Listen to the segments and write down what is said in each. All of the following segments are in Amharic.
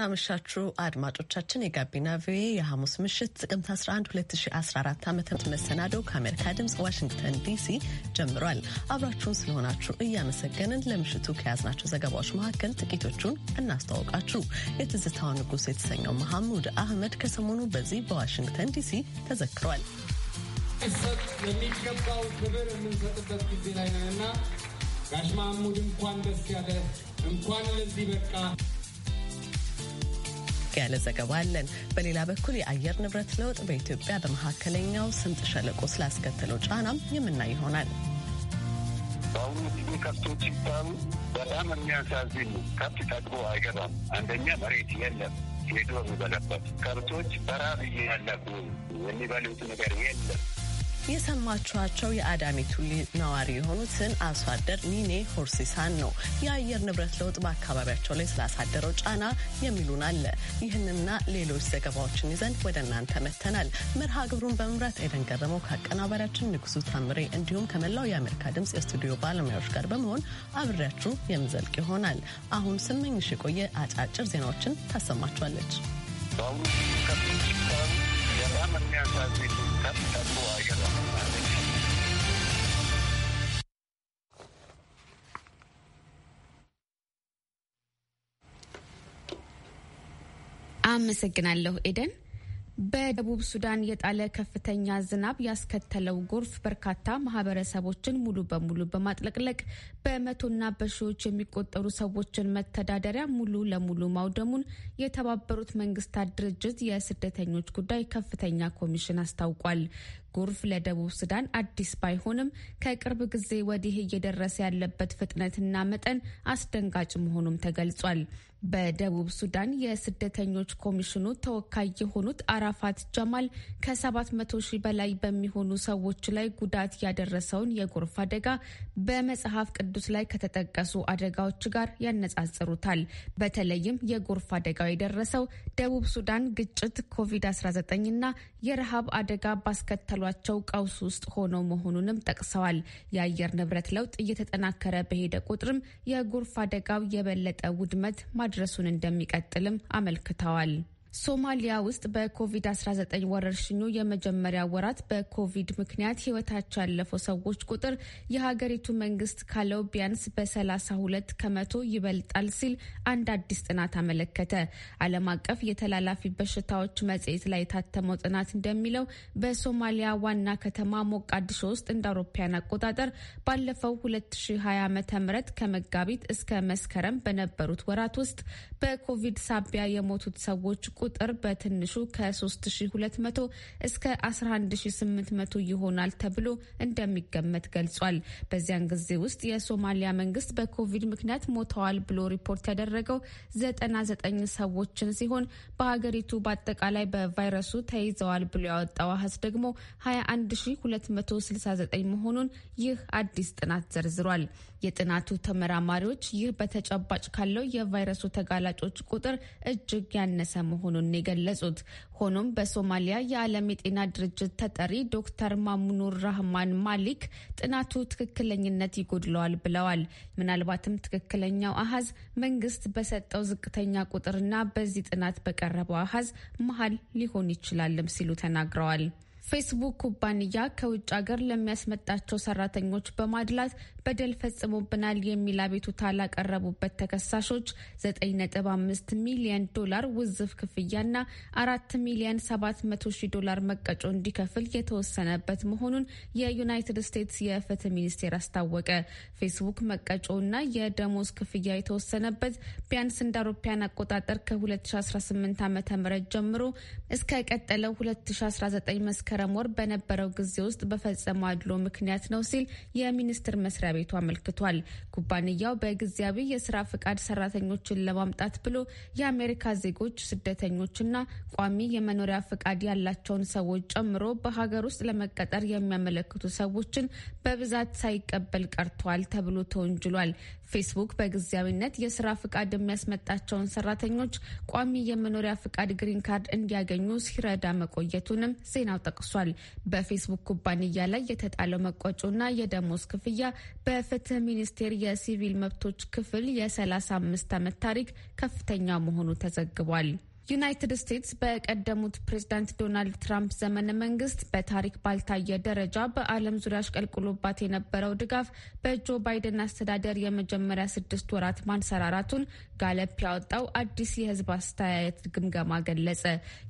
እንደምናመሻችሁ አድማጮቻችን የጋቢና ቪኦኤ የሐሙስ ምሽት ጥቅምት 11 2014 ዓ ም መሰናደው ከአሜሪካ ድምፅ ዋሽንግተን ዲሲ ጀምሯል። አብራችሁን ስለሆናችሁ እያመሰገንን ለምሽቱ ከያዝናቸው ዘገባዎች መካከል ጥቂቶቹን እናስተዋውቃችሁ። የትዝታው ንጉሥ የተሰኘው መሐሙድ አህመድ ከሰሞኑ በዚህ በዋሽንግተን ዲሲ ተዘክሯል። የሚገባው ክብር የምንሰጥበት ጊዜ ላይ ነንና ጋሽ መሐሙድ እንኳን ደስ ያለ እንኳን ለዚህ በቃ ያለ ዘገባ አለን። በሌላ በኩል የአየር ንብረት ለውጥ በኢትዮጵያ በመካከለኛው ስምጥ ሸለቆ ስላስከተለው ጫናም የምናይ ይሆናል። በአሁኑ ጊዜ ከብቶች ሲባሉ በጣም የሚያሳዝን ከብት ጠግቦ አይገባም። አንደኛ መሬት የለም ሄዶ የሚበላበት ከብቶች በራብ እያለቁ የሚበሉት ነገር የለም። የሰማችኋቸው የአዳሚቱ ነዋሪ የሆኑትን አርሶ አደር ኒኔ ሆርሲሳን ነው። የአየር ንብረት ለውጥ በአካባቢያቸው ላይ ስላሳደረው ጫና የሚሉን አለ። ይህንና ሌሎች ዘገባዎችን ይዘን ወደ እናንተ መጥተናል። መርሃ ግብሩን በመምራት ኤደን ገረመው ከአቀናባሪያችን ንጉሱ ታምሬ እንዲሁም ከመላው የአሜሪካ ድምፅ የስቱዲዮ ባለሙያዎች ጋር በመሆን አብሬያችሁ የምዘልቅ ይሆናል። አሁን ስመኝሽ የቆየ አጫጭር ዜናዎችን ታሰማችኋለች። አመሰግናለሁ ኤደን። በደቡብ ሱዳን የጣለ ከፍተኛ ዝናብ ያስከተለው ጎርፍ በርካታ ማህበረሰቦችን ሙሉ በሙሉ በማጥለቅለቅ በመቶና በሺዎች የሚቆጠሩ ሰዎችን መተዳደሪያ ሙሉ ለሙሉ ማውደሙን የተባበሩት መንግስታት ድርጅት የስደተኞች ጉዳይ ከፍተኛ ኮሚሽን አስታውቋል። ጎርፍ ለደቡብ ሱዳን አዲስ ባይሆንም ከቅርብ ጊዜ ወዲህ እየደረሰ ያለበት ፍጥነትና መጠን አስደንጋጭ መሆኑም ተገልጿል። በደቡብ ሱዳን የስደተኞች ኮሚሽኑ ተወካይ የሆኑት አራፋት ጀማል ከ700 ሺህ በላይ በሚሆኑ ሰዎች ላይ ጉዳት ያደረሰውን የጎርፍ አደጋ በመጽሐፍ ቅዱስ ላይ ከተጠቀሱ አደጋዎች ጋር ያነጻጽሩታል። በተለይም የጎርፍ አደጋው የደረሰው ደቡብ ሱዳን ግጭት፣ ኮቪድ-19 እና የረሃብ አደጋ ባስከተሏቸው ቀውስ ውስጥ ሆኖ መሆኑንም ጠቅሰዋል። የአየር ንብረት ለውጥ እየተጠናከረ በሄደ ቁጥርም የጎርፍ አደጋው የበለጠ ውድመት ማ ማድረሱን እንደሚቀጥልም አመልክተዋል። ሶማሊያ ውስጥ በኮቪድ-19 ወረርሽኙ የመጀመሪያ ወራት በኮቪድ ምክንያት ሕይወታቸው ያለፈው ሰዎች ቁጥር የሀገሪቱ መንግስት ካለው ቢያንስ በ32 ከመቶ ይበልጣል ሲል አንድ አዲስ ጥናት አመለከተ። ዓለም አቀፍ የተላላፊ በሽታዎች መጽሔት ላይ የታተመው ጥናት እንደሚለው በሶማሊያ ዋና ከተማ ሞቃዲሾ ውስጥ እንደ አውሮፓያን አቆጣጠር ባለፈው 2020 ዓ ም ከመጋቢት እስከ መስከረም በነበሩት ወራት ውስጥ በኮቪድ ሳቢያ የሞቱት ሰዎች ቁጥር በትንሹ ከ3200 እስከ 11800 ይሆናል ተብሎ እንደሚገመት ገልጿል። በዚያን ጊዜ ውስጥ የሶማሊያ መንግስት በኮቪድ ምክንያት ሞተዋል ብሎ ሪፖርት ያደረገው 99 ሰዎችን ሲሆን በሀገሪቱ በአጠቃላይ በቫይረሱ ተይዘዋል ብሎ ያወጣው አሀዝ ደግሞ 21269 መሆኑን ይህ አዲስ ጥናት ዘርዝሯል። የጥናቱ ተመራማሪዎች ይህ በተጨባጭ ካለው የቫይረሱ ተጋላጮች ቁጥር እጅግ ያነሰ መሆኑ መሆኑን የገለጹት። ሆኖም በሶማሊያ የዓለም የጤና ድርጅት ተጠሪ ዶክተር ማሙኑር ራህማን ማሊክ ጥናቱ ትክክለኝነት ይጎድለዋል ብለዋል። ምናልባትም ትክክለኛው አሀዝ መንግስት በሰጠው ዝቅተኛ ቁጥርና በዚህ ጥናት በቀረበው አሀዝ መሀል ሊሆን ይችላልም ሲሉ ተናግረዋል። ፌስቡክ ኩባንያ ከውጭ ሀገር ለሚያስመጣቸው ሰራተኞች በማድላት በደል ፈጽሞብናል የሚል አቤቱታ ላቀረቡበት ተከሳሾች 9.5 ሚሊዮን ዶላር ውዝፍ ክፍያና 4 ሚሊዮን 700 ዶላር መቀጮ እንዲከፍል የተወሰነበት መሆኑን የዩናይትድ ስቴትስ የፍትህ ሚኒስቴር አስታወቀ። ፌስቡክ መቀጮና የደሞዝ ክፍያ የተወሰነበት ቢያንስ እንደ አውሮፓያን አቆጣጠር ከ2018 ዓ ም ጀምሮ እስከ ቀጠለው 2019 መስከረም ወር በነበረው ጊዜ ውስጥ በፈጸመው አድሎ ምክንያት ነው ሲል የሚኒስቴር መስሪያ መስሪያ ቤቱ አመልክቷል። ኩባንያው በጊዜያዊ የስራ ፍቃድ ሰራተኞችን ለማምጣት ብሎ የአሜሪካ ዜጎች ስደተኞችና ቋሚ የመኖሪያ ፍቃድ ያላቸውን ሰዎች ጨምሮ በሀገር ውስጥ ለመቀጠር የሚያመለክቱ ሰዎችን በብዛት ሳይቀበል ቀርቷል ተብሎ ተወንጅሏል። ፌስቡክ በጊዜያዊነት የስራ ፍቃድ የሚያስመጣቸውን ሰራተኞች ቋሚ የመኖሪያ ፍቃድ ግሪን ካርድ እንዲያገኙ ሲረዳ መቆየቱንም ዜናው ጠቅሷል። በፌስቡክ ኩባንያ ላይ የተጣለው መቆጮና የደሞዝ ክፍያ በፍትህ ሚኒስቴር የሲቪል መብቶች ክፍል የ35 ዓመት ታሪክ ከፍተኛ መሆኑ ተዘግቧል። ዩናይትድ ስቴትስ በቀደሙት ፕሬዚዳንት ዶናልድ ትራምፕ ዘመነ መንግስት በታሪክ ባልታየ ደረጃ በዓለም ዙሪያ አሽቀልቅሎባት የነበረው ድጋፍ በጆ ባይደን አስተዳደር የመጀመሪያ ስድስት ወራት ማንሰራራቱን ጋለፕ ያወጣው አዲስ የህዝብ አስተያየት ግምገማ ገለጸ።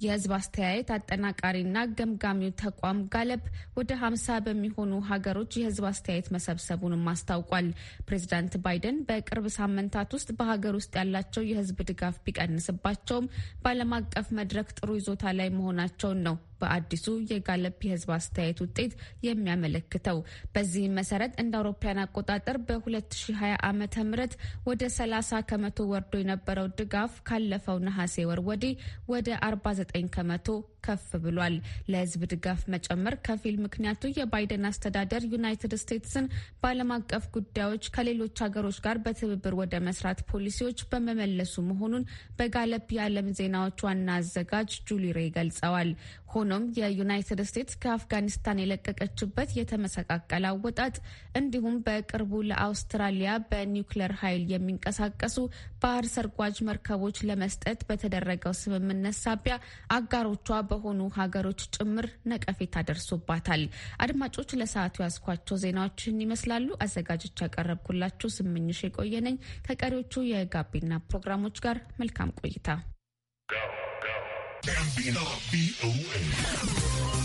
የህዝብ አስተያየት አጠናቃሪና ገምጋሚው ተቋም ጋለፕ ወደ ሀምሳ በሚሆኑ ሀገሮች የህዝብ አስተያየት መሰብሰቡንም አስታውቋል። ፕሬዚዳንት ባይደን በቅርብ ሳምንታት ውስጥ በሀገር ውስጥ ያላቸው የህዝብ ድጋፍ ቢቀንስባቸውም በዓለም አቀፍ መድረክ ጥሩ ይዞታ ላይ መሆናቸውን ነው በአዲሱ የጋለፕ የህዝብ አስተያየት ውጤት የሚያመለክተው። በዚህም መሰረት እንደ አውሮፓውያን አቆጣጠር በ2020 ዓ ም ወደ 30 ከመቶ ወርዶ የነበረው ድጋፍ ካለፈው ነሐሴ ወር ወዲህ ወደ 49 ከመቶ ከፍ ብሏል። ለህዝብ ድጋፍ መጨመር ከፊል ምክንያቱ የባይደን አስተዳደር ዩናይትድ ስቴትስን በዓለም አቀፍ ጉዳዮች ከሌሎች ሀገሮች ጋር በትብብር ወደ መስራት ፖሊሲዎች በመመለሱ መሆኑን በጋለፕ የዓለም ዜናዎች ዋና አዘጋጅ ጁሊ ሬይ ገልጸዋል። ሆኖም የዩናይትድ ስቴትስ ከአፍጋኒስታን የለቀቀችበት የተመሰቃቀለ አወጣጥ እንዲሁም በቅርቡ ለአውስትራሊያ በኒውክለር ኃይል የሚንቀሳቀሱ ባህር ሰርጓጅ መርከቦች ለመስጠት በተደረገው ስምምነት ሳቢያ አጋሮቿ በሆኑ ሀገሮች ጭምር ነቀፌታ ደርሶባታል። አድማጮች ለሰዓቱ ያስኳቸው ዜናዎችን ይመስላሉ። አዘጋጆች ያቀረብኩላችሁ ስምኝሽ የቆየነኝ ከቀሪዎቹ የጋቢና ፕሮግራሞች ጋር መልካም ቆይታ be B-O-A.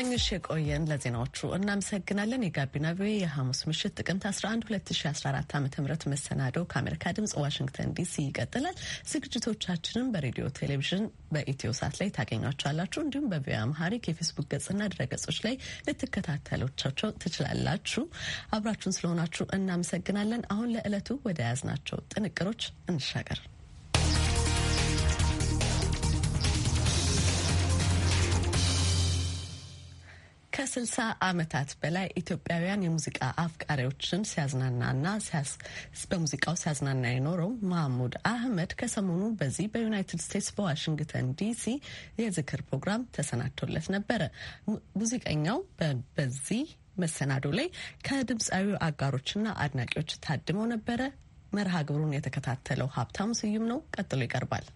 ስመኝሽ የቆየን ለዜናዎቹ እናመሰግናለን። የጋቢና ቪኦኤ የሐሙስ ምሽት ጥቅምት 11 2014 ዓ ም መሰናደው ከአሜሪካ ድምጽ ዋሽንግተን ዲሲ ይቀጥላል። ዝግጅቶቻችንም በሬዲዮ ቴሌቪዥን፣ በኢትዮ ሳት ላይ ታገኟቸዋላችሁ። እንዲሁም በቪ አምሃሪክ የፌስቡክ ገጽና ድረገጾች ላይ ልትከታተሎቻቸው ትችላላችሁ። አብራችሁን ስለሆናችሁ እናመሰግናለን። አሁን ለዕለቱ ወደ ያዝናቸው ጥንቅሮች እንሻገር። ከስልሳ ዓመታት በላይ ኢትዮጵያውያን የሙዚቃ አፍቃሪዎችን ሲያዝናናና በሙዚቃው ሲያዝናና የኖረው መሐሙድ አህመድ ከሰሞኑ በዚህ በዩናይትድ ስቴትስ በዋሽንግተን ዲሲ የዝክር ፕሮግራም ተሰናድቶለት ነበረ። ሙዚቀኛው በዚህ መሰናዶ ላይ ከድምፃዊ አጋሮችና አድናቂዎች ታድመው ነበረ። መርሃ ግብሩን የተከታተለው ሀብታሙ ስዩም ነው። ቀጥሎ ይቀርባል።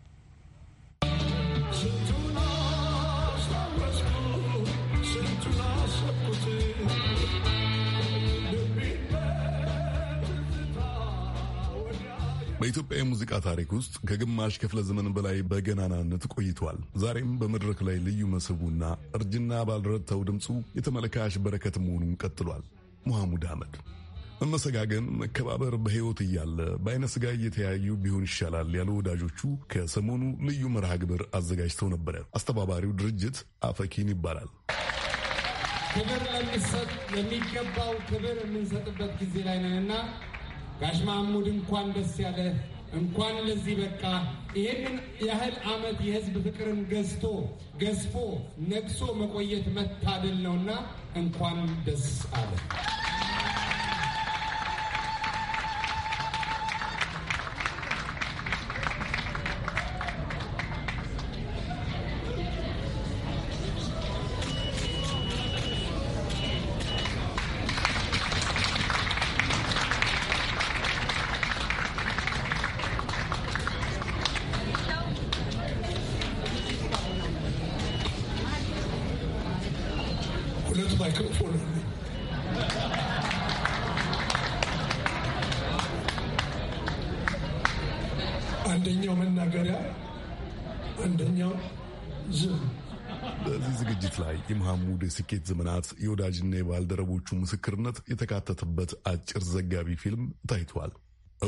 በኢትዮጵያ የሙዚቃ ታሪክ ውስጥ ከግማሽ ክፍለ ዘመን በላይ በገናናነት ቆይቷል። ዛሬም በመድረክ ላይ ልዩ መስህቡና እርጅና ባልረድተው ድምፁ የተመልካች በረከት መሆኑን ቀጥሏል። መሐሙድ አህመድ መመሰጋገን፣ መከባበር በሕይወት እያለ በአይነ ሥጋ እየተያዩ ቢሆን ይሻላል ያሉ ወዳጆቹ ከሰሞኑ ልዩ መርሃ ግብር አዘጋጅተው ነበረ። አስተባባሪው ድርጅት አፈኪን ይባላል። ክብር የሚሰጥ የሚገባው ክብር የምንሰጥበት ጊዜ ላይ ነንና ጋሽ ማሙድ እንኳን ደስ ያለ እንኳን ለዚህ በቃ ይህንን ያህል ዓመት የህዝብ ፍቅርን ገዝቶ ገዝፎ ነግሶ መቆየት መታደል ነውና እንኳን ደስ አለ። በዚህ ዝግጅት ላይ የመሐሙድ የስኬት ዘመናት የወዳጅና የባልደረቦቹ ምስክርነት የተካተተበት አጭር ዘጋቢ ፊልም ታይቷል።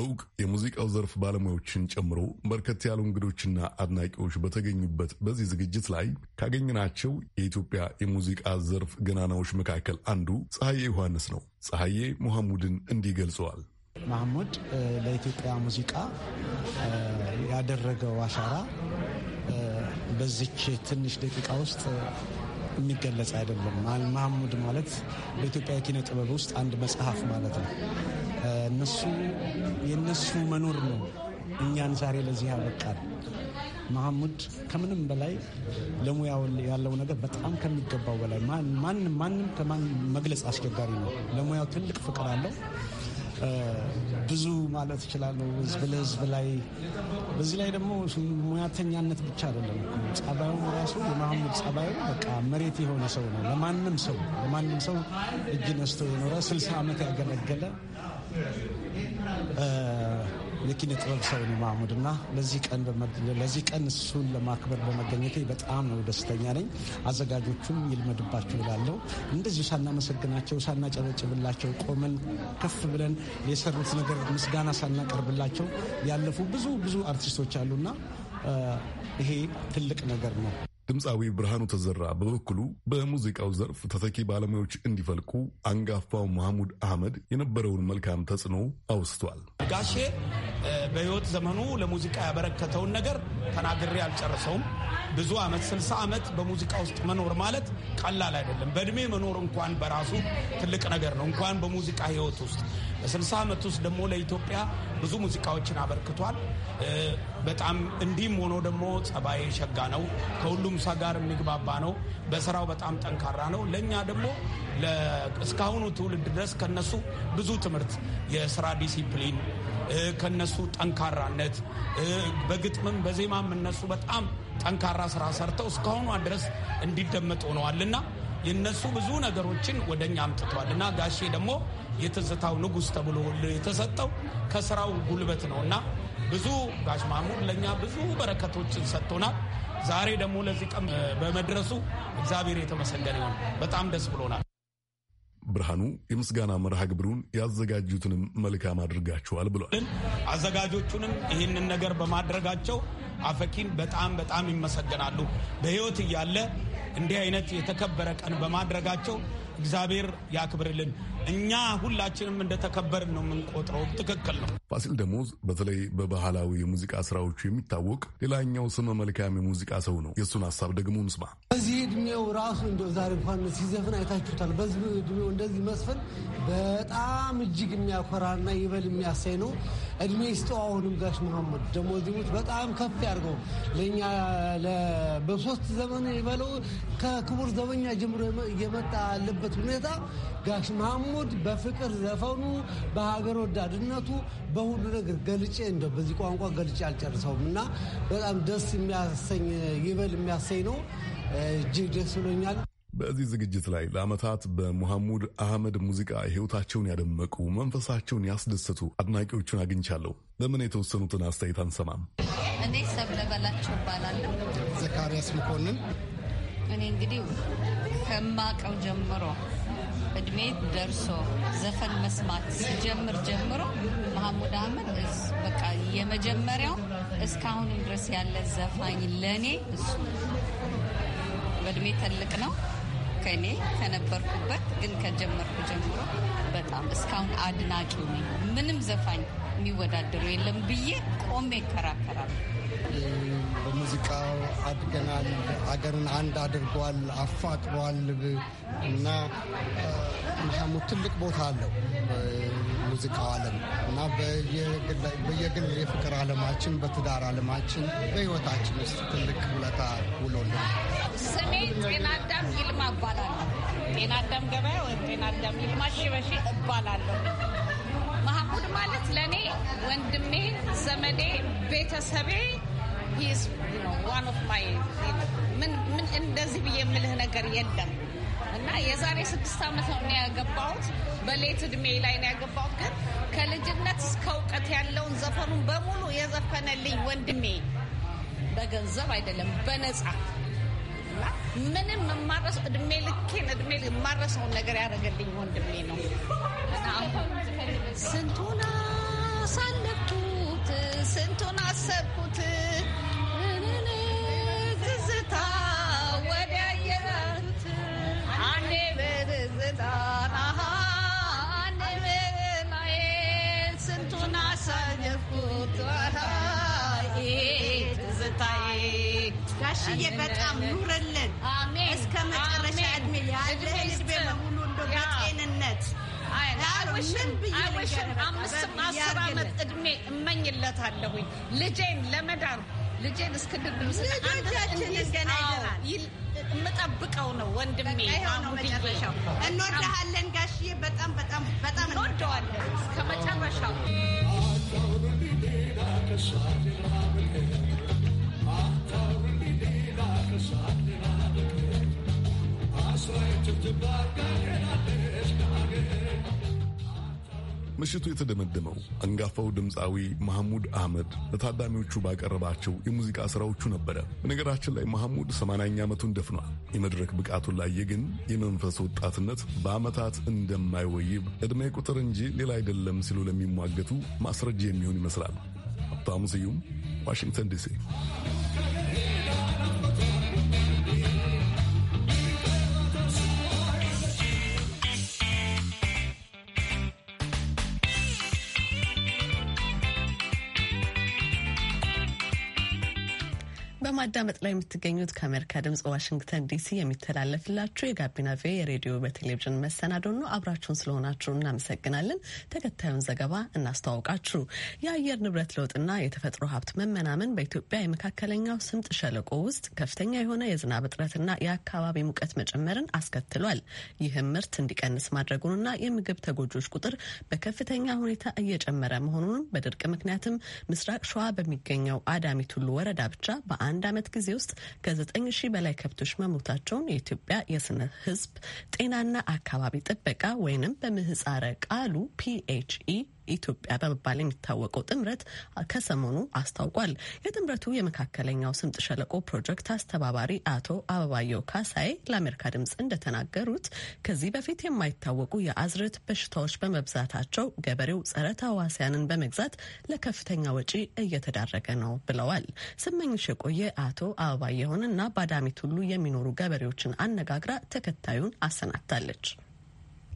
እውቅ የሙዚቃው ዘርፍ ባለሙያዎችን ጨምሮ በርከት ያሉ እንግዶችና አድናቂዎች በተገኙበት በዚህ ዝግጅት ላይ ካገኘናቸው የኢትዮጵያ የሙዚቃ ዘርፍ ገናናዎች መካከል አንዱ ፀሐዬ ዮሐንስ ነው። ፀሐዬ መሐሙድን እንዲህ ገልጸዋል። መሐሙድ ለኢትዮጵያ ሙዚቃ ያደረገው አሻራ በዚች ትንሽ ደቂቃ ውስጥ የሚገለጽ አይደለም። አልማሙድ ማለት በኢትዮጵያ ኪነ ጥበብ ውስጥ አንድ መጽሐፍ ማለት ነው። እነሱ የእነሱ መኖር ነው እኛን ዛሬ ለዚህ ያበቃል። መሐሙድ ከምንም በላይ ለሙያው ያለው ነገር በጣም ከሚገባው በላይ ማንም ማንም ከማንም መግለጽ አስቸጋሪ ነው። ለሙያው ትልቅ ፍቅር አለው። ብዙ ማለት ይችላሉ። ህዝብ ለህዝብ ላይ በዚህ ላይ ደግሞ ሙያተኛነት ብቻ አይደለም። ጸባዩ ራሱ የማህሙድ ጸባዩ በቃ መሬት የሆነ ሰው ነው። ለማንም ሰው ለማንም ሰው እጅ ነስቶ የኖረ ስልሳ ዓመት ያገለገለ የኪነ ጥበብ ሰው ነው ማሙድ እና ለዚህ ቀን እሱን ለማክበር በመገኘቴ በጣም ነው ደስተኛ ነኝ። አዘጋጆቹም ይልመድባቸው ይላለው። እንደዚሁ ሳናመሰግናቸው ሳናጨበጭብላቸው ቆመን ከፍ ብለን የሰሩት ነገር ምስጋና ሳናቀርብላቸው ያለፉ ብዙ ብዙ አርቲስቶች አሉና ይሄ ትልቅ ነገር ነው። ድምፃዊ ብርሃኑ ተዘራ በበኩሉ በሙዚቃው ዘርፍ ተተኪ ባለሙያዎች እንዲፈልቁ አንጋፋው መሐሙድ አህመድ የነበረውን መልካም ተጽዕኖ አውስቷል። ጋሼ በሕይወት ዘመኑ ለሙዚቃ ያበረከተውን ነገር ተናግሬ አልጨርሰውም። ብዙ ዓመት ስልሳ ዓመት በሙዚቃ ውስጥ መኖር ማለት ቀላል አይደለም። በእድሜ መኖር እንኳን በራሱ ትልቅ ነገር ነው፣ እንኳን በሙዚቃ ሕይወት ውስጥ በስልሳ ዓመት ውስጥ ደግሞ ለኢትዮጵያ ብዙ ሙዚቃዎችን አበርክቷል። በጣም እንዲህም ሆኖ ደግሞ ጸባዬ ሸጋ ነው ከሁሉም ከሁሉም ጋር የሚግባባ ነው። በስራው በጣም ጠንካራ ነው። ለእኛ ደግሞ እስካሁኑ ትውልድ ድረስ ከነሱ ብዙ ትምህርት የስራ ዲሲፕሊን ከነሱ ጠንካራነት በግጥምም በዜማም እነሱ በጣም ጠንካራ ስራ ሰርተው እስካሁኗ ድረስ እንዲደመጥ ሆነዋልና የነሱ ብዙ ነገሮችን ወደ እኛ አምጥተዋል እና ጋሼ ደግሞ የትዝታው ንጉሥ ተብሎ የተሰጠው ከስራው ጉልበት ነው እና ብዙ ጋሽ ለእኛ ብዙ በረከቶችን ሰጥቶናል። ዛሬ ደግሞ ለዚህ ቀን በመድረሱ እግዚአብሔር የተመሰገነ ሆነ በጣም ደስ ብሎናል። ብርሃኑ የምስጋና መርሃ ግብሩን ያዘጋጁትንም መልካም አድርጋችኋል ብሏል። አዘጋጆቹንም ይህንን ነገር በማድረጋቸው አፈኪን በጣም በጣም ይመሰገናሉ። በሕይወት እያለ እንዲህ አይነት የተከበረ ቀን በማድረጋቸው እግዚአብሔር ያክብርልን። እኛ ሁላችንም እንደተከበርን ነው የምንቆጥረው። ትክክል ነው። ፋሲል ደሞዝ በተለይ በባህላዊ የሙዚቃ ስራዎቹ የሚታወቅ ሌላኛው ስመ መልካም የሙዚቃ ሰው ነው። የእሱን ሀሳብ ደግሞ እንስማ። በዚህ እድሜው ራሱ እንደው ዛሬ እንኳን ሲዘፍን አይታችሁታል። በዚህ እድሜው እንደዚህ መስፈን በጣም እጅግ የሚያኮራና ይበል የሚያሳይ ነው። እድሜ ይስጠው። አሁንም ጋሽ መሐመድ ደሞዝ ይሙት በጣም ከፍ ያድርገው። ለእኛ በሶስት ዘመን ይበለው ከክቡር ዘበኛ ጀምሮ እየመጣ ያለበት ሁኔታ ጋሽ መሐመድ በዝሙት በፍቅር ዘፈኑ በሀገር ወዳድነቱ በሁሉ ነገር ገልጬ እንደ በዚህ ቋንቋ ገልጬ አልጨርሰውም እና በጣም ደስ የሚያሰኝ ይበል የሚያሰኝ ነው። እጅግ ደስ ብሎኛል። በዚህ ዝግጅት ላይ ለዓመታት በሙሐሙድ አህመድ ሙዚቃ ሕይወታቸውን ያደመቁ መንፈሳቸውን ያስደሰቱ አድናቂዎቹን አግኝቻለሁ። ለምን የተወሰኑትን አስተያየት አንሰማም? እኔ ሰብለ በላቸው እባላለሁ። ዘካርያስ መኮንን እኔ እንግዲህ ከማቀው ጀምሮ እድሜ ደርሶ ዘፈን መስማት ሲጀምር ጀምሮ መሐሙድ አህመድ በቃ የመጀመሪያው እስካሁንም ድረስ ያለ ዘፋኝ ለእኔ እሱ በእድሜ ትልቅ ነው ከእኔ ከነበርኩበት ግን ከጀመርኩ ጀምሮ በጣም እስካሁን አድናቂው ነኝ። ምንም ዘፋኝ የሚወዳደሩ የለም ብዬ ቆሜ ይከራከራል። ሙዚቃ አድገናል። አገርን አንድ አድርጓል፣ አፋቅሯል እና ሐሙድ ትልቅ ቦታ አለው ሙዚቃው ዓለም እና በየግል የፍቅር ዓለማችን፣ በትዳር ዓለማችን፣ በህይወታችን ውስጥ ትልቅ ውለታ ውሎል። ስሜ ጤናዳም ይልማ እባላለሁ። ጤናዳም ገበያ ወይም ጤናዳም ይልማ ሽበሺ እባላለሁ። መሐሙድ ማለት ለእኔ ወንድሜ፣ ዘመዴ፣ ቤተሰቤ ዋን ኦፍ ማይ ምን ምን እንደዚህ ብዬ የምልህ ነገር የለም እና የዛሬ ስድስት ዓመት ነው ያገባሁት። በሌት እድሜ ላይ ነው ያገባሁት። ግን ከልጅነት እስከ እውቀት ያለውን ዘፈኑን በሙሉ የዘፈነልኝ ወንድሜ በገንዘብ አይደለም በነጻ ምንም የማረሰው እድሜ ልኬን እድሜ የማረሰውን ነገር ያደረገልኝ ወንድሜ ነው እና ስንቱን አሳለፍኩት ስንቱን አሰብኩት በትዝታ ስንቱን አሳለፍኩት ጋሽዬ በጣም ኑርልን እስከ መጨረሻ እድሜ ያለ ህዝቤ በሙሉ እንደ በጤንነት አምስት አስር ዓመት እድሜ እመኝለታለሁኝ ልጄን ለመዳር ልጄን እስክንድር ድምፅ የምጠብቀው ነው ወንድሜ። መጨረሻው እንወድሃለን ጋሽዬ፣ በጣም በጣም በጣም እንወደዋለን እስከ መጨረሻው። I'm sorry to the ምሽቱ የተደመደመው አንጋፋው ድምፃዊ መሐሙድ አህመድ ለታዳሚዎቹ ባቀረባቸው የሙዚቃ ስራዎቹ ነበረ። በነገራችን ላይ መሐሙድ 8ኛ ዓመቱን ደፍኗል። የመድረክ ብቃቱን ላየ ግን የመንፈስ ወጣትነት በዓመታት እንደማይወይብ ዕድሜ ቁጥር እንጂ ሌላ አይደለም ሲሉ ለሚሟገቱ ማስረጃ የሚሆን ይመስላል። ሀብታሙ ስዩም ዋሽንግተን ዲሲ በማዳመጥ ላይ የምትገኙት ከአሜሪካ ድምጽ ዋሽንግተን ዲሲ የሚተላለፍላችሁ የጋቢና ቪ የሬዲዮ በቴሌቪዥን መሰናዶ ነው። አብራችሁን ስለሆናችሁ እናመሰግናለን። ተከታዩን ዘገባ እናስተዋውቃችሁ። የአየር ንብረት ለውጥና የተፈጥሮ ሀብት መመናመን በኢትዮጵያ የመካከለኛው ስምጥ ሸለቆ ውስጥ ከፍተኛ የሆነ የዝናብ እጥረትና የአካባቢ ሙቀት መጨመርን አስከትሏል። ይህም ምርት እንዲቀንስ ማድረጉንና የምግብ ተጎጆች ቁጥር በከፍተኛ ሁኔታ እየጨመረ መሆኑንም በድርቅ ምክንያትም ምስራቅ ሸዋ በሚገኘው አዳሚ ቱሉ ወረዳ ብቻ በአንድ በአንድ ዓመት ጊዜ ውስጥ ከዘጠኝ ሺህ በላይ ከብቶች መሞታቸውን የኢትዮጵያ የስነ ህዝብ ጤናና አካባቢ ጥበቃ ወይንም በምህፃረ ቃሉ ፒኤችኢ ኢትዮጵያ በመባል የሚታወቀው ጥምረት ከሰሞኑ አስታውቋል። የጥምረቱ የመካከለኛው ስምጥ ሸለቆ ፕሮጀክት አስተባባሪ አቶ አበባየው ካሳይ ለአሜሪካ ድምጽ እንደተናገሩት ከዚህ በፊት የማይታወቁ የአዝርት በሽታዎች በመብዛታቸው ገበሬው ጸረ ተዋሲያንን በመግዛት ለከፍተኛ ወጪ እየተዳረገ ነው ብለዋል። ስመኝሽ የቆየ አቶ አበባየሁንና ባዳሚት ሁሉ የሚኖሩ ገበሬዎችን አነጋግራ ተከታዩን አሰናድታለች።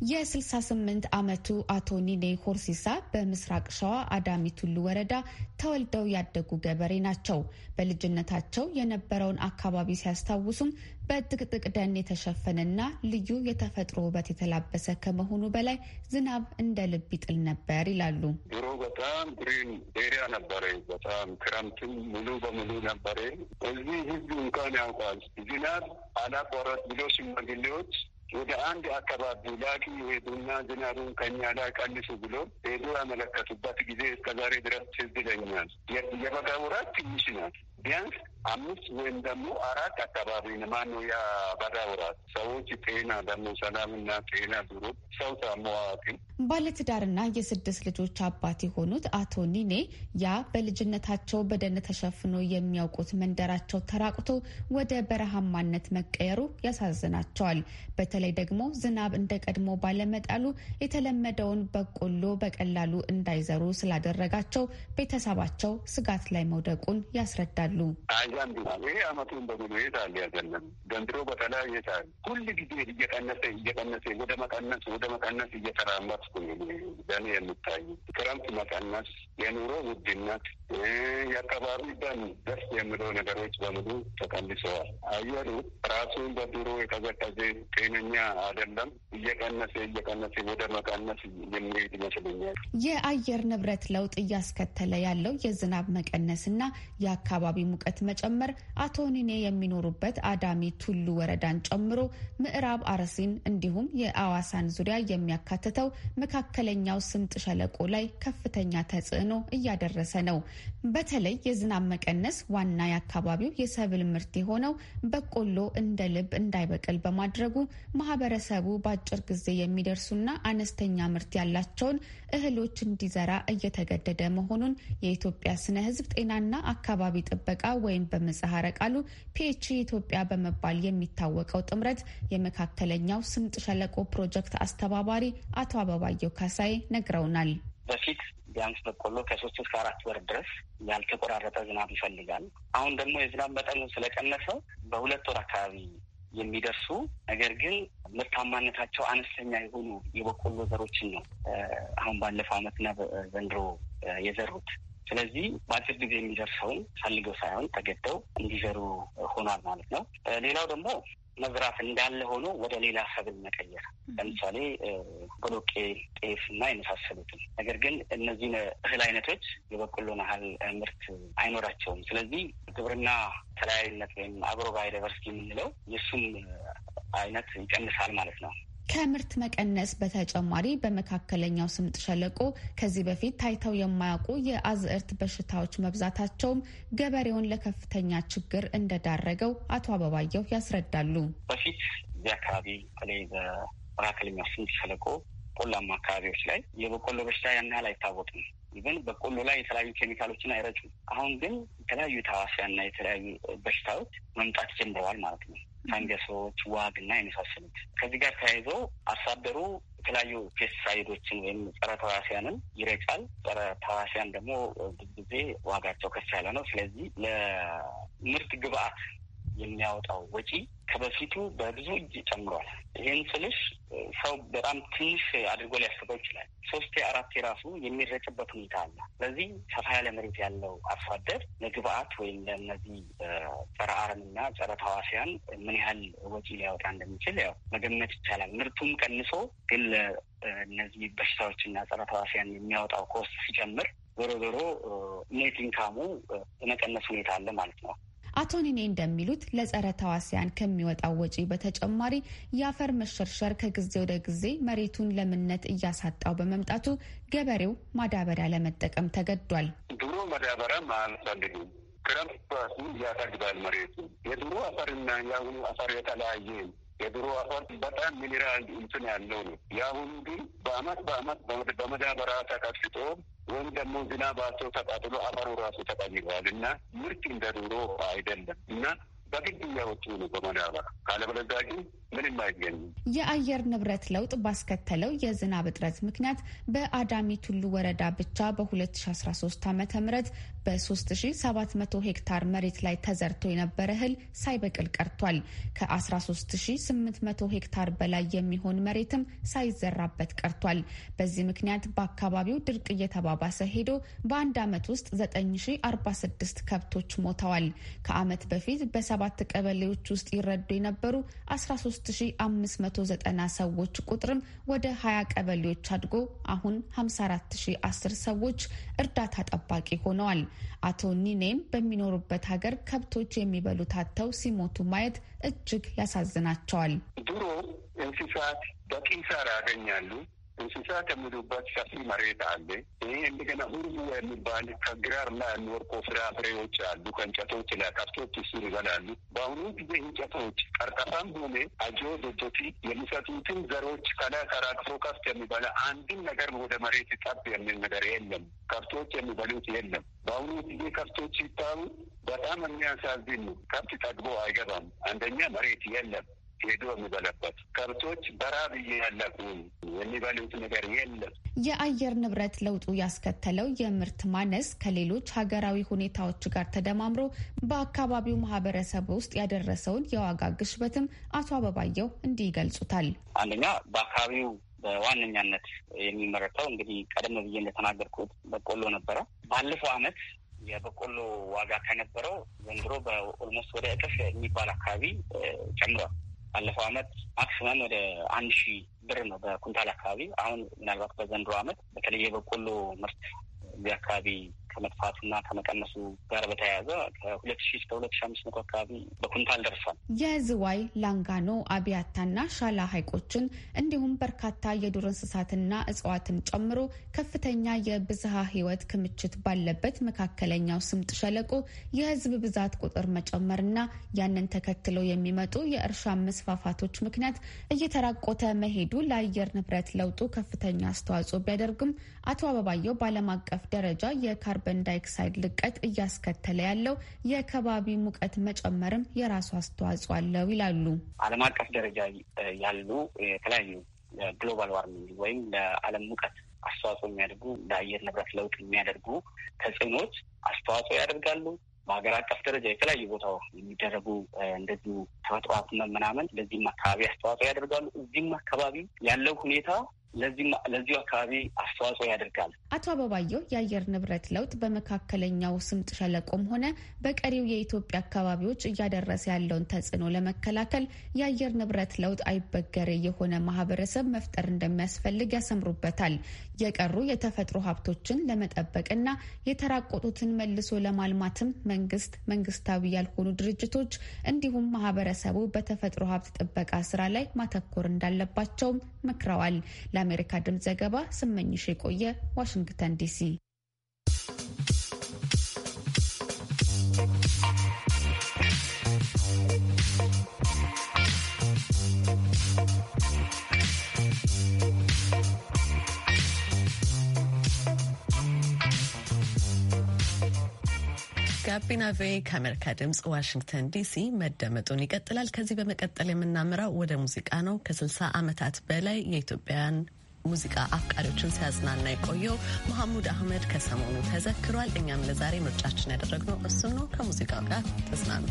የ68 ዓመቱ አቶ ኒኔ ሆርሲሳ በምስራቅ ሸዋ አዳሚቱሉ ወረዳ ተወልደው ያደጉ ገበሬ ናቸው። በልጅነታቸው የነበረውን አካባቢ ሲያስታውሱም በጥቅጥቅ ደን የተሸፈነና ልዩ የተፈጥሮ ውበት የተላበሰ ከመሆኑ በላይ ዝናብ እንደ ልብ ይጥል ነበር ይላሉ። ድሮ በጣም ግሪን ኤሪያ ነበረ። በጣም ክረምትም ሙሉ በሙሉ ነበረ። እዚህ ህዝብ እንኳን ያውቋል። ዝናብ አላቋረጥ ብሎ ሽማግሌዎች ወደ አንድ አካባቢ ላኪ ሄዱና ዝናቡን ከኛ ላይ ቀንሱ ብሎ ሄዱ ያመለከቱበት ጊዜ እስከዛሬ ድረስ ትዝ ይለኛል። የበጋ ወራት ትንሽ ናት። ቢያንስ አምስት ወይም ደግሞ አራት አካባቢ ነው የአባዳ ሰዎች ጤና ደግሞ ሰላምና ጤና ዱሮ ሰው ሳመዋቂ ባለትዳርና የስድስት ልጆች አባት የሆኑት አቶ ኒኔ ያ በልጅነታቸው በደን ተሸፍኖ የሚያውቁት መንደራቸው ተራቁቶ ወደ በረሃማነት መቀየሩ ያሳዝናቸዋል። በተለይ ደግሞ ዝናብ እንደ ቀድሞ ባለመጣሉ የተለመደውን በቆሎ በቀላሉ እንዳይዘሩ ስላደረጋቸው ቤተሰባቸው ስጋት ላይ መውደቁን ያስረዳል። ይላሉ። ይሄ አመቱን በሙሉ የታለ አይደለም። ዘንድሮ በተለይ የታለ ሁል ጊዜ እየቀነሰ እየቀነሰ ወደ መቀነስ ወደ መቀነስ እየተራመድኩ ለእኔ የምታዩ ክረምት መቀነስ፣ የኑሮ ውድነት የአካባቢ ደን ደስ የሚለው ነገሮች በሙሉ ተቀንሰዋል። አየሩ ራሱን በድሮ የቀዘቀዘ ጤነኛ አይደለም። እየቀነሰ እየቀነሰ ወደ መቀነስ የሚሄድ ይመስለኛል። የአየር ንብረት ለውጥ እያስከተለ ያለው የዝናብ መቀነስና የአካባቢ ሙቀት መጨመር አቶ ኒኔ የሚኖሩበት አዳሚ ቱሉ ወረዳን ጨምሮ ምዕራብ አርሲን እንዲሁም የአዋሳን ዙሪያ የሚያካትተው መካከለኛው ስምጥ ሸለቆ ላይ ከፍተኛ ተጽዕኖ እያደረሰ ነው። በተለይ የዝናብ መቀነስ ዋና የአካባቢው የሰብል ምርት የሆነው በቆሎ እንደ ልብ እንዳይበቅል በማድረጉ ማህበረሰቡ በአጭር ጊዜ የሚደርሱና አነስተኛ ምርት ያላቸውን እህሎች እንዲዘራ እየተገደደ መሆኑን የኢትዮጵያ ስነ ሕዝብ ጤናና አካባቢ ጥበቃ ወይም በምህጻረ ቃሉ ፒኤች ኢትዮጵያ በመባል የሚታወቀው ጥምረት የመካከለኛው ስምጥ ሸለቆ ፕሮጀክት አስተባባሪ አቶ አበባየው ካሳይ ነግረውናል። በፊት ቢያንስ በቆሎ ከሶስት እስከ አራት ወር ድረስ ያልተቆራረጠ ዝናብ ይፈልጋል። አሁን ደግሞ የዝናብ መጠኑ ስለቀነሰ በሁለት ወር አካባቢ የሚደርሱ ነገር ግን ምርታማነታቸው አነስተኛ የሆኑ የበቆሎ ዘሮችን ነው አሁን ባለፈው ዓመትና ዘንድሮ የዘሩት። ስለዚህ በአጭር ጊዜ የሚደርሰውን ፈልገው ሳይሆን ተገደው እንዲዘሩ ሆኗል ማለት ነው። ሌላው ደግሞ መዝራት እንዳለ ሆኖ ወደ ሌላ ሰብል መቀየር ለምሳሌ ቦሎቄ፣ ጤፍ እና የመሳሰሉትን። ነገር ግን እነዚህን እህል አይነቶች የበቆሎን ያህል ምርት አይኖራቸውም። ስለዚህ ግብርና ተለያዩነት ወይም አግሮ ባዮዳይቨርሲቲ የምንለው የሱም አይነት ይቀንሳል ማለት ነው። ከምርት መቀነስ በተጨማሪ በመካከለኛው ስምጥ ሸለቆ ከዚህ በፊት ታይተው የማያውቁ የአዝእርት በሽታዎች መብዛታቸውም ገበሬውን ለከፍተኛ ችግር እንደዳረገው አቶ አበባየው ያስረዳሉ። በፊት እዚህ አካባቢ በተለይ በመካከለኛው ስምጥ ሸለቆ ቆላማ አካባቢዎች ላይ የበቆሎ በሽታ ያን ያህል አይታወቅም። ግን በቆሎ ላይ የተለያዩ ኬሚካሎችን አይረጩም። አሁን ግን የተለያዩ ተዋሲያና የተለያዩ በሽታዎች መምጣት ጀምረዋል ማለት ነው። ፈንገሶች፣ ዋግ እና የመሳሰሉት ከዚህ ጋር ተያይዞ አርሶ አደሩ የተለያዩ ፔስቲሳይዶችን ወይም ጸረ ተዋሲያንን ይረጫል። ጸረ ተዋሲያን ደግሞ ብዙ ጊዜ ዋጋቸው ከፍ ያለ ነው። ስለዚህ ለምርት ግብአት የሚያወጣው ወጪ ከበፊቱ በብዙ እጅ ጨምሯል። ይህን ስልሽ ሰው በጣም ትንሽ አድርጎ ሊያስበው ይችላል። ሶስቴ አራት የራሱ የሚረጭበት ሁኔታ አለ። ስለዚህ ሰፋ ያለ መሬት ያለው አርሶ አደር ለግብአት ወይም ለእነዚህ ጸረ አረምና ጸረ ተዋሲያን ምን ያህል ወጪ ሊያወጣ እንደሚችል ያው መገመት ይቻላል። ምርቱም ቀንሶ ግን ለእነዚህ በሽታዎችና ጸረ ተዋሲያን የሚያወጣው ኮስት ሲጨምር ዞሮ ዞሮ ኔት ኢንካሙ የመቀነስ ሁኔታ አለ ማለት ነው። አቶ ኒኔ እንደሚሉት ለጸረ ተዋሲያን ከሚወጣው ወጪ በተጨማሪ የአፈር መሸርሸር ከጊዜ ወደ ጊዜ መሬቱን ለምነት እያሳጣው በመምጣቱ ገበሬው ማዳበሪያ ለመጠቀም ተገዷል። ድሮ ማዳበሪያ አልፈልግም ክረምት ያሳግዳል መሬቱ የድሮ አፈርና የአሁኑ አፈር የተለያየ የድሮ አፈር በጣም ሚኒራል እንትን ያለው ነው። የአሁኑ ግን በአመት በአመት በመዳበራ ተቀፍጦ ወይም ደግሞ ዝናባቸው ተቃጥሎ አፈሩ ራሱ ተቀይረዋል እና ምርት እንደ ድሮ አይደለም እና በግድ እያወጡ ነው ካለበለዚያ ግን ምንም አይገኝም። የአየር ንብረት ለውጥ ባስከተለው የዝናብ እጥረት ምክንያት በአዳሚ ቱሉ ወረዳ ብቻ በ2013 ዓ ም በ3700 ሄክታር መሬት ላይ ተዘርቶ የነበረ እህል ሳይበቅል ቀርቷል። ከ13800 ሄክታር በላይ የሚሆን መሬትም ሳይዘራበት ቀርቷል። በዚህ ምክንያት በአካባቢው ድርቅ እየተባባሰ ሄዶ በአንድ ዓመት ውስጥ 9046 ከብቶች ሞተዋል። ከዓመት በፊት በሰባት ቀበሌዎች ውስጥ ይረዱ የነበሩ 13590 ሰዎች ቁጥርም ወደ 20 ቀበሌዎች አድጎ አሁን 54010 ሰዎች እርዳታ ጠባቂ ሆነዋል። አቶ ኒኔም በሚኖሩበት ሀገር ከብቶች የሚበሉት አጥተው ሲሞቱ ማየት እጅግ ያሳዝናቸዋል። ድሮ እንስሳት በቂ ሳር ያገኛሉ። እንስሳ ከሚሉባት ሰፊ መሬት አለ። ይህ እንደገና ሁርቡ የሚባል ከግራርና የሚወርቆ ፍራፍሬዎች አሉ። ከእንጨቶች ላይ ከብቶች እሱን ይበላሉ። በአሁኑ ጊዜ እንጨቶች ቀርቀፋም ሆነ አጆ ዶጆቲ የሚሰጡትን ዘሮች ከላይ ተራቅፎ ከብት የሚበላ አንድም ነገር ወደ መሬት ጠብ የሚል ነገር የለም። ከብቶች የሚበሉት የለም። በአሁኑ ጊዜ ከብቶች ሲታዩ በጣም የሚያሳዝን ነው። ከብት ጠግቦ አይገባም። አንደኛ መሬት የለም። ሄዶ የሚበላበት ከብቶች በራብ እያለቁ የሚበሉት ነገር የለም። የአየር ንብረት ለውጡ ያስከተለው የምርት ማነስ ከሌሎች ሀገራዊ ሁኔታዎች ጋር ተደማምሮ በአካባቢው ማህበረሰብ ውስጥ ያደረሰውን የዋጋ ግሽበትም አቶ አበባየው እንዲህ ይገልጹታል። አንደኛ በአካባቢው በዋነኛነት የሚመረተው እንግዲህ ቀደም ብዬ እንደተናገርኩት በቆሎ ነበረ። ባለፈው አመት የበቆሎ ዋጋ ከነበረው ዘንድሮ በኦልሞስት ወደ እጥፍ የሚባል አካባቢ ጨምሯል። ባለፈው አመት ማክሲመም ወደ አንድ ሺ ብር ነው በኩንታል አካባቢ። አሁን ምናልባት በዘንድሮ አመት በተለይ የበቆሎ ምርት እዚህ አካባቢ ከመጥፋቱና ከመቀነሱ ጋር በተያያዘ ከሁለት ሺ እስከ ሁለት ሺ አምስት መቶ አካባቢ በኩንታል ደርሷል። የዝዋይ ላንጋኖ፣ አብያታና ሻላ ሐይቆችን እንዲሁም በርካታ የዱር እንስሳትና እጽዋትን ጨምሮ ከፍተኛ የብዝሃ ህይወት ክምችት ባለበት መካከለኛው ስምጥ ሸለቆ የህዝብ ብዛት ቁጥር መጨመርና ያንን ተከትለው የሚመጡ የእርሻ መስፋፋቶች ምክንያት እየተራቆተ መሄዱ ለአየር ንብረት ለውጡ ከፍተኛ አስተዋጽኦ ቢያደርግም አቶ አበባየው በዓለም አቀፍ ደረጃ የካር ካርበን ዳይኦክሳይድ ልቀት እያስከተለ ያለው የከባቢ ሙቀት መጨመርም የራሱ አስተዋጽኦ አለው ይላሉ። ዓለም አቀፍ ደረጃ ያሉ የተለያዩ ግሎባል ዋርሚንግ ወይም ለዓለም ሙቀት አስተዋጽኦ የሚያደርጉ ለአየር ንብረት ለውጥ የሚያደርጉ ተጽዕኖዎች አስተዋጽኦ ያደርጋሉ። በሀገር አቀፍ ደረጃ የተለያዩ ቦታ የሚደረጉ እንደዚሁ ተፈጥሯት መመናመን በዚህም አካባቢ አስተዋጽኦ ያደርጋሉ። እዚህም አካባቢ ያለው ሁኔታ ለዚሁ አካባቢ አስተዋጽኦ ያደርጋል። አቶ አበባየው የአየር ንብረት ለውጥ በመካከለኛው ስምጥ ሸለቆም ሆነ በቀሪው የኢትዮጵያ አካባቢዎች እያደረሰ ያለውን ተጽዕኖ ለመከላከል የአየር ንብረት ለውጥ አይበገሬ የሆነ ማህበረሰብ መፍጠር እንደሚያስፈልግ ያሰምሩበታል። የቀሩ የተፈጥሮ ሀብቶችን ለመጠበቅና የተራቆጡትን መልሶ ለማልማትም መንግስት፣ መንግስታዊ ያልሆኑ ድርጅቶች እንዲሁም ማህበረሰቡ በተፈጥሮ ሀብት ጥበቃ ስራ ላይ ማተኮር እንዳለባቸውም መክረዋል። ለአሜሪካ ድምፅ ዘገባ ስመኝሽ የቆየ ዋሽንግተን ዲሲ ጋቢና ቬ ከአሜሪካ ድምፅ ዋሽንግተን ዲሲ መደመጡን ይቀጥላል። ከዚህ በመቀጠል የምናምራው ወደ ሙዚቃ ነው። ከ60 ዓመታት በላይ የኢትዮጵያን ሙዚቃ አፍቃሪዎችን ሲያዝናና የቆየው መሐሙድ አህመድ ከሰሞኑ ተዘክሯል። እኛም ለዛሬ ምርጫችን ያደረግነው እሱን ነው። ከሙዚቃው ጋር ተዝናኑ።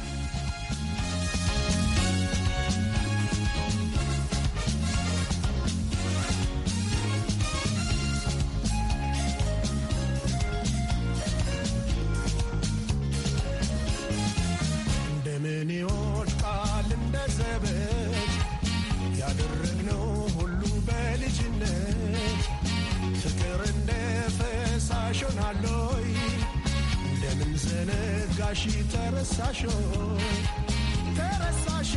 ተረሳሽ ተረሳሽ ተረሳሽ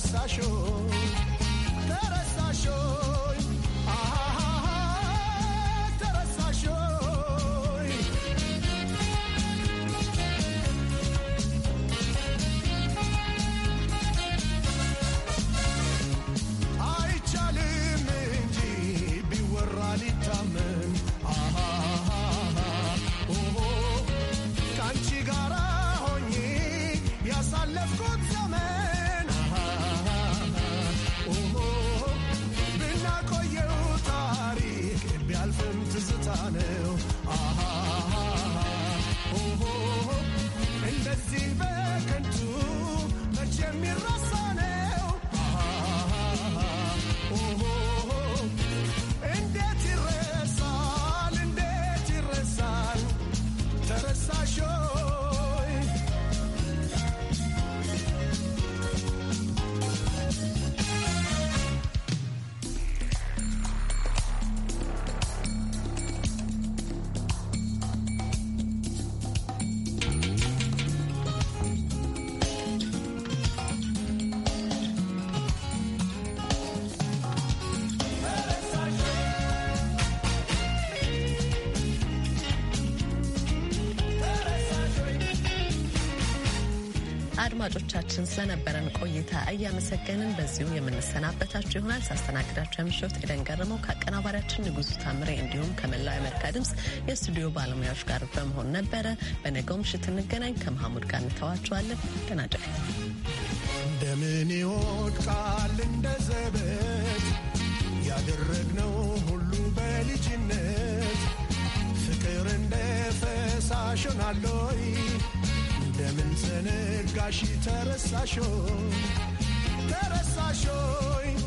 Sacho. አድማጮቻችን ስለነበረን ቆይታ እያመሰገንን በዚሁ የምንሰናበታችሁ ይሆናል። ሳስተናግዳችሁ የምሽት ኤደን ገርመው ከአቀናባሪያችን ንጉሱ ታምሬ እንዲሁም ከመላው የአሜሪካ ድምፅ የስቱዲዮ ባለሙያዎች ጋር በመሆን ነበረ። በነገው ምሽት እንገናኝ። ከመሐሙድ ጋር እንተዋችኋለን። ገናደር እንደምን ይወድቃል እንደ ዘበት ያደረግነው ሁሉ በልጅነት ፍቅር እንደ ፈሳሽናሎይ ለምን ስንርጋሽ ተረሳሾ ተረሳሾኝ